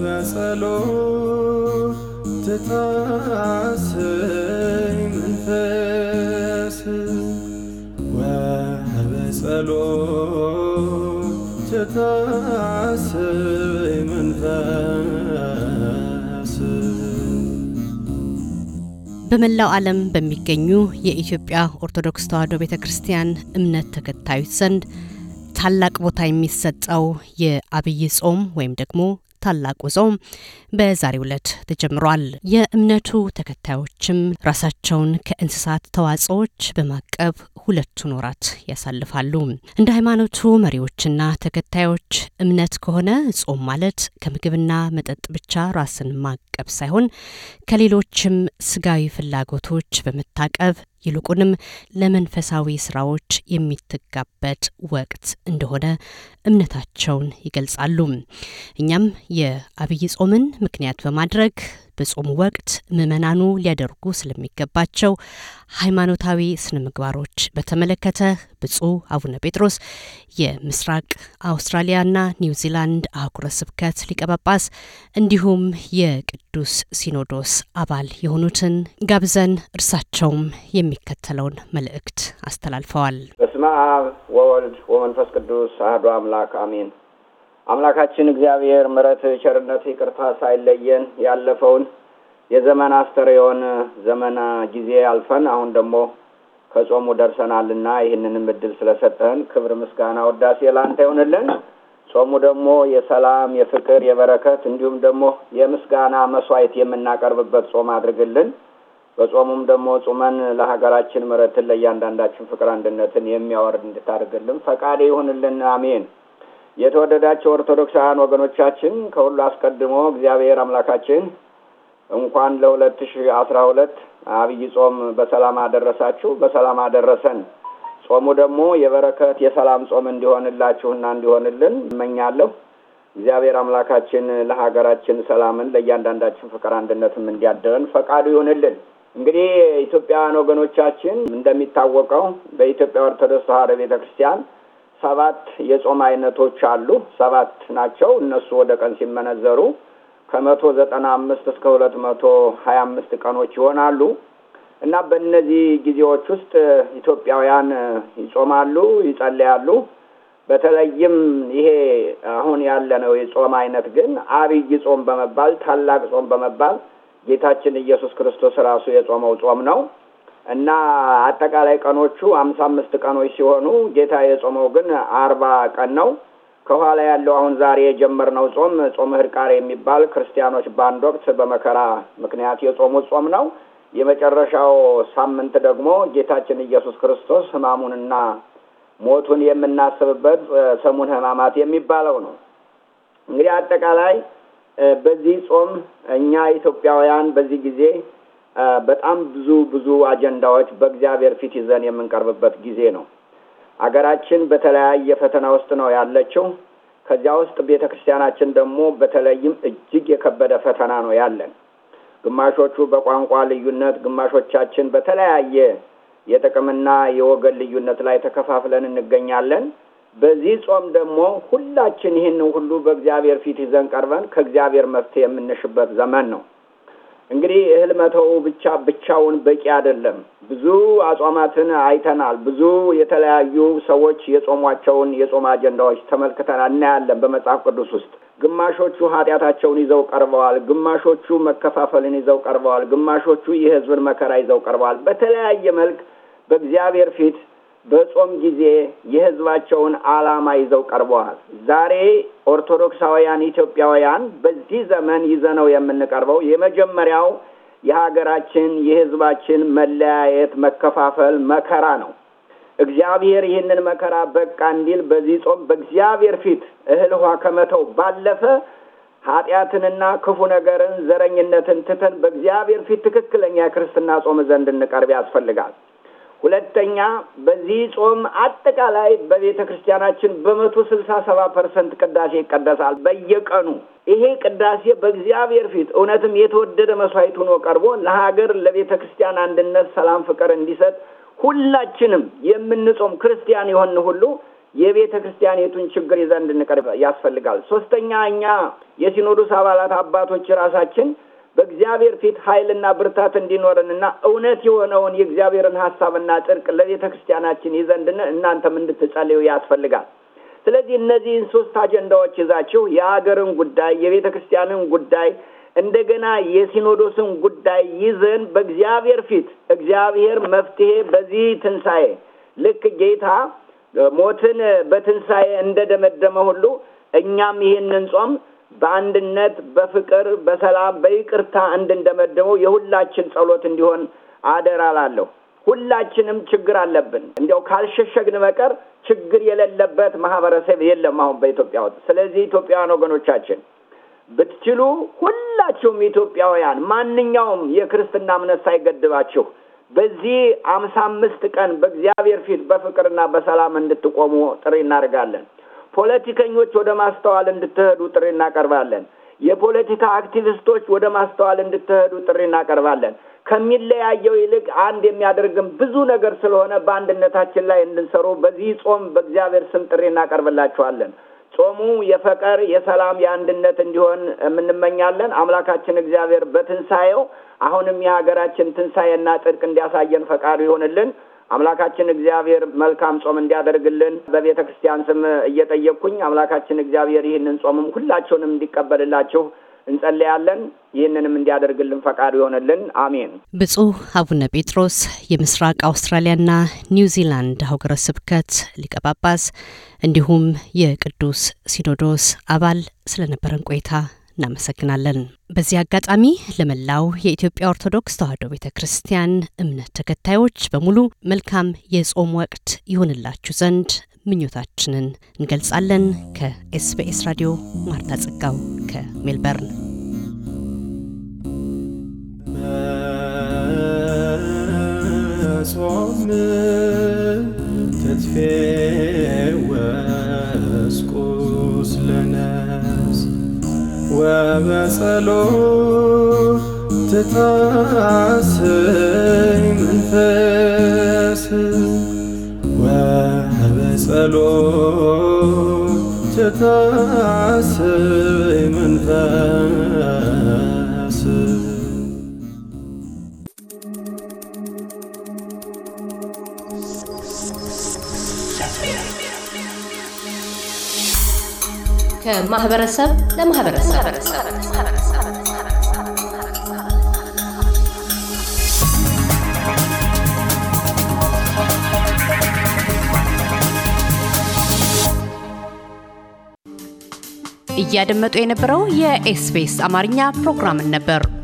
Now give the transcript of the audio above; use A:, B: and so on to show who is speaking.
A: በጸሎት ትታስይ መንፈስ ወበጸሎት ትታስይ መንፈስ
B: በመላው ዓለም በሚገኙ የኢትዮጵያ ኦርቶዶክስ ተዋሕዶ ቤተ ክርስቲያን እምነት ተከታዮች ዘንድ ታላቅ ቦታ የሚሰጠው የአብይ ጾም ወይም ደግሞ ታላቁ ጾም በዛሬው ዕለት ተጀምሯል። የእምነቱ ተከታዮችም ራሳቸውን ከእንስሳት ተዋጽኦዎች በማቀብ ሁለቱን ወራት ያሳልፋሉ። እንደ ሃይማኖቱ መሪዎችና ተከታዮች እምነት ከሆነ ጾም ማለት ከምግብና መጠጥ ብቻ ራስን ማቀብ ሳይሆን ከሌሎችም ስጋዊ ፍላጎቶች በመታቀብ ይልቁንም ለመንፈሳዊ ስራዎች የሚተጋበት ወቅት እንደሆነ እምነታቸውን ይገልጻሉ። እኛም የአብይ ጾምን ምክንያት በማድረግ በጾሙ ወቅት ምዕመናኑ ሊያደርጉ ስለሚገባቸው ሃይማኖታዊ ስነ ምግባሮች በተመለከተ ብፁዕ አቡነ ጴጥሮስ የምስራቅ አውስትራሊያና ኒውዚላንድ አህጉረ ስብከት ሊቀጳጳስ እንዲሁም የቅዱስ ሲኖዶስ አባል የሆኑትን ጋብዘን እርሳቸውም የሚከተለውን መልእክት አስተላልፈዋል።
C: በስመ አብ ወወልድ ወመንፈስ ቅዱስ አህዶ አምላክ አሜን። አምላካችን እግዚአብሔር ምረት፣ ቸርነት፣ ይቅርታ ሳይለየን ያለፈውን የዘመን አስተርእዮን ዘመን ጊዜ አልፈን አሁን ደግሞ ከጾሙ ደርሰናልና ይህንንም እድል ስለሰጠህን ክብር፣ ምስጋና፣ ወዳሴ ላንተ ይሆንልን። ጾሙ ደግሞ የሰላም የፍቅር፣ የበረከት እንዲሁም ደግሞ የምስጋና መስዋዕት የምናቀርብበት ጾም አድርግልን። በጾሙም ደግሞ ጹመን ለሀገራችን ምረትን ለእያንዳንዳችን ፍቅር አንድነትን የሚያወርድ እንድታደርግልን ፈቃዴ ይሁንልን። አሜን። የተወደዳቸው ኦርቶዶክሳውያን ወገኖቻችን ከሁሉ አስቀድሞ እግዚአብሔር አምላካችን እንኳን ለሁለት ሺ አስራ ሁለት አብይ ጾም በሰላም አደረሳችሁ፣ በሰላም አደረሰን። ጾሙ ደግሞ የበረከት የሰላም ጾም እንዲሆንላችሁና እንዲሆንልን እመኛለሁ። እግዚአብሔር አምላካችን ለሀገራችን ሰላምን፣ ለእያንዳንዳችን ፍቅር አንድነትም እንዲያደረን ፈቃዱ ይሁንልን። እንግዲህ ኢትዮጵያውያን ወገኖቻችን እንደሚታወቀው በኢትዮጵያ ኦርቶዶክስ ተዋሕዶ ቤተ ክርስቲያን ሰባት የጾም አይነቶች አሉ። ሰባት ናቸው። እነሱ ወደ ቀን ሲመነዘሩ ከመቶ ዘጠና አምስት እስከ ሁለት መቶ ሀያ አምስት ቀኖች ይሆናሉ እና በእነዚህ ጊዜዎች ውስጥ ኢትዮጵያውያን ይጾማሉ፣ ይጸለያሉ። በተለይም ይሄ አሁን ያለነው የጾም አይነት ግን አብይ ጾም በመባል ታላቅ ጾም በመባል ጌታችን ኢየሱስ ክርስቶስ ራሱ የጾመው ጾም ነው። እና አጠቃላይ ቀኖቹ አምሳ አምስት ቀኖች ሲሆኑ ጌታ የጾመው ግን አርባ ቀን ነው። ከኋላ ያለው አሁን ዛሬ የጀመርነው ጾም ጾም ህርቃር የሚባል ክርስቲያኖች በአንድ ወቅት በመከራ ምክንያት የጾሙት ጾም ነው። የመጨረሻው ሳምንት ደግሞ ጌታችን ኢየሱስ ክርስቶስ ህማሙንና ሞቱን የምናስብበት ሰሙን ህማማት የሚባለው ነው። እንግዲህ አጠቃላይ በዚህ ጾም እኛ ኢትዮጵያውያን በዚህ ጊዜ በጣም ብዙ ብዙ አጀንዳዎች በእግዚአብሔር ፊት ይዘን የምንቀርብበት ጊዜ ነው። አገራችን በተለያየ ፈተና ውስጥ ነው ያለችው። ከዚያ ውስጥ ቤተ ክርስቲያናችን ደግሞ በተለይም እጅግ የከበደ ፈተና ነው ያለን። ግማሾቹ በቋንቋ ልዩነት፣ ግማሾቻችን በተለያየ የጥቅምና የወገን ልዩነት ላይ ተከፋፍለን እንገኛለን። በዚህ ጾም ደግሞ ሁላችን ይህን ሁሉ በእግዚአብሔር ፊት ይዘን ቀርበን ከእግዚአብሔር መፍትሄ የምንሽበት ዘመን ነው። እንግዲህ እህል መተው ብቻ ብቻውን በቂ አይደለም። ብዙ አጽዋማትን አይተናል። ብዙ የተለያዩ ሰዎች የጾሟቸውን የጾም አጀንዳዎች ተመልክተናል፣ እናያለን በመጽሐፍ ቅዱስ ውስጥ። ግማሾቹ ኃጢአታቸውን ይዘው ቀርበዋል። ግማሾቹ መከፋፈልን ይዘው ቀርበዋል። ግማሾቹ የህዝብን መከራ ይዘው ቀርበዋል። በተለያየ መልክ በእግዚአብሔር ፊት በጾም ጊዜ የህዝባቸውን ዓላማ ይዘው ቀርበዋል። ዛሬ ኦርቶዶክሳውያን ኢትዮጵያውያን በዚህ ዘመን ይዘነው የምንቀርበው የመጀመሪያው የሀገራችን የህዝባችን መለያየት፣ መከፋፈል፣ መከራ ነው። እግዚአብሔር ይህንን መከራ በቃ እንዲል በዚህ ጾም በእግዚአብሔር ፊት እህል ውሃ ከመተው ባለፈ ኃጢአትንና ክፉ ነገርን፣ ዘረኝነትን ትተን በእግዚአብሔር ፊት ትክክለኛ የክርስትና ጾም ዘንድ እንቀርብ ያስፈልጋል። ሁለተኛ በዚህ ጾም አጠቃላይ በቤተ ክርስቲያናችን በመቶ ስልሳ ሰባ ፐርሰንት ቅዳሴ ይቀደሳል በየቀኑ። ይሄ ቅዳሴ በእግዚአብሔር ፊት እውነትም የተወደደ መስዋዕት ሆኖ ቀርቦ ለሀገር ለቤተ ክርስቲያን አንድነት፣ ሰላም፣ ፍቅር እንዲሰጥ ሁላችንም የምንጾም ክርስቲያን የሆን ሁሉ የቤተ ክርስቲያኒቱን ችግር ይዘን እንድንቀርብ ያስፈልጋል። ሶስተኛ እኛ የሲኖዶስ አባላት አባቶች ራሳችን በእግዚአብሔር ፊት ኃይልና ብርታት እንዲኖረንና እውነት የሆነውን የእግዚአብሔርን ሀሳብና ጥርቅ ለቤተ ክርስቲያናችን ይዘንድን እናንተም እንድትጸልዩ ያስፈልጋል። ስለዚህ እነዚህን ሶስት አጀንዳዎች ይዛችሁ የሀገርን ጉዳይ፣ የቤተ ክርስቲያንን ጉዳይ እንደገና የሲኖዶስን ጉዳይ ይዘን በእግዚአብሔር ፊት እግዚአብሔር መፍትሄ በዚህ ትንሣኤ ልክ ጌታ ሞትን በትንሣኤ እንደደመደመ ሁሉ እኛም ይህንን ጾም በአንድነት፣ በፍቅር፣ በሰላም፣ በይቅርታ እንድንደመድመው የሁላችን ጸሎት እንዲሆን አደራ ሁላችንም ችግር አለብን። እንዲያው ካልሸሸግን በቀር ችግር የሌለበት ማህበረሰብ የለም አሁን በኢትዮጵያ ውስጥ። ስለዚህ ኢትዮጵያውያን ወገኖቻችን ብትችሉ ሁላችሁም ኢትዮጵያውያን ማንኛውም የክርስትና እምነት ሳይገድባችሁ በዚህ አምሳ አምስት ቀን በእግዚአብሔር ፊት በፍቅርና በሰላም እንድትቆሙ ጥሪ እናደርጋለን። ፖለቲከኞች ወደ ማስተዋል እንድትሄዱ ጥሪ እናቀርባለን። የፖለቲካ አክቲቪስቶች ወደ ማስተዋል እንድትሄዱ ጥሪ እናቀርባለን። ከሚለያየው ይልቅ አንድ የሚያደርግም ብዙ ነገር ስለሆነ በአንድነታችን ላይ እንድንሰሩ በዚህ ጾም በእግዚአብሔር ስም ጥሪ እናቀርብላችኋለን። ጾሙ የፈቀር፣ የሰላም፣ የአንድነት እንዲሆን የምንመኛለን። አምላካችን እግዚአብሔር በትንሣኤው አሁንም የሀገራችን ትንሣኤና ጽድቅ እንዲያሳየን ፈቃዱ ይሆንልን። አምላካችን እግዚአብሔር መልካም ጾም እንዲያደርግልን በቤተ ክርስቲያን ስም እየጠየቅኩኝ አምላካችን እግዚአብሔር ይህንን ጾምም ሁላቸውንም እንዲቀበልላችሁ እንጸለያለን። ይህንንም እንዲያደርግልን ፈቃዱ ይሆንልን። አሜን።
B: ብፁዕ አቡነ ጴጥሮስ የምስራቅ አውስትራሊያና ኒውዚላንድ ሀገረ ስብከት ሊቀ ጳጳስ እንዲሁም የቅዱስ ሲኖዶስ አባል ስለነበረን ቆይታ እናመሰግናለን። በዚህ አጋጣሚ ለመላው የኢትዮጵያ ኦርቶዶክስ ተዋሕዶ ቤተ ክርስቲያን እምነት ተከታዮች በሙሉ መልካም የጾም ወቅት ይሆንላችሁ ዘንድ ምኞታችንን እንገልጻለን። ከኤስቢኤስ ራዲዮ ማርታ ጸጋው ከሜልበርን
A: ጾም ተትፌ ወስቁስ ለነ ወበጸሎት ትታስኝ መንፈስ ወበጸሎት ትታስኝ መንፈስ
C: ከማህበረሰብ ለማህበረሰብ
B: እያደመጡ የነበረው የኤስቢኤስ አማርኛ ፕሮግራምን ነበር።